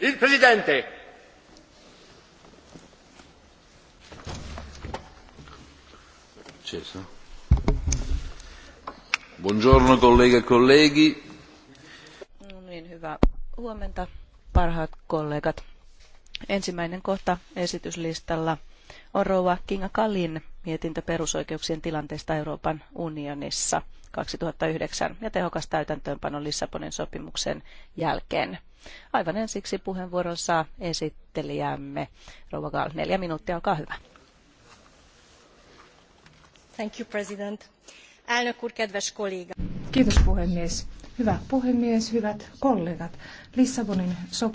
Il Presidente. Acceso. Buongiorno colleghe e colleghi. No niin, hyvää huomenta parhaat kollegat. Ensimmäinen kohta esityslistalla on rouva Kinga Kalin mietintö perusoikeuksien tilanteesta Euroopan unionissa 2009 ja tehokas täytäntöönpano Lissabonin sopimuksen jälkeen. Aivan ensiksi puheenvuoron saa esittelijämme rouva Gal. Neljä minuuttia, olkaa hyvä. Thank you, President. Elnök úr, kedves Kiitos puhemies. Hyvä puhemies, hyvät kollegat. Lissabonin sopimus